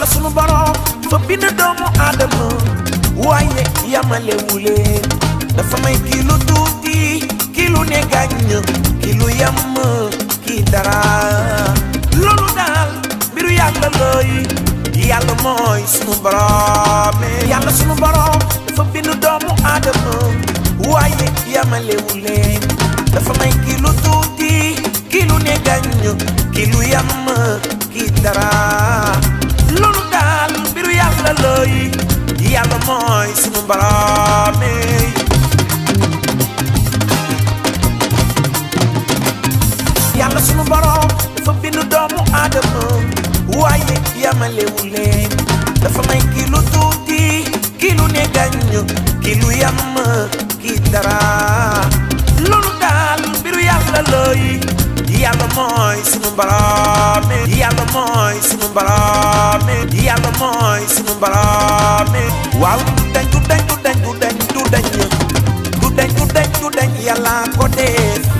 yàlla sunu borom fa bind doomu aadama waaye yamale wu leen dafa may kii lu tuuti kii lu ne gàññ kii lu yam kii dara loolu daal mbiru yàlla looy yàlla mooy sunu borom yàlla sunu borom dafa bind doomu aadama waaye yamale wu leen dafa may kii lu tuuti kii lu ne gàññ kii lu yam kii dara la looy yàlla mooy sunu boroome yàlla sunu boroom dafa bindu doomu aadama waaye yamalewu leen dafa may ki lu tuuti ki lu ne gàññ ki lu yàmm ki dara loolu daal mbiru yàlla looy yàlla mooy sunu boroom yàlla mooy sunu borom waaw du dañ du dañ du dañ du dañ du dañ du dañ du dañ du dañ yàlla ko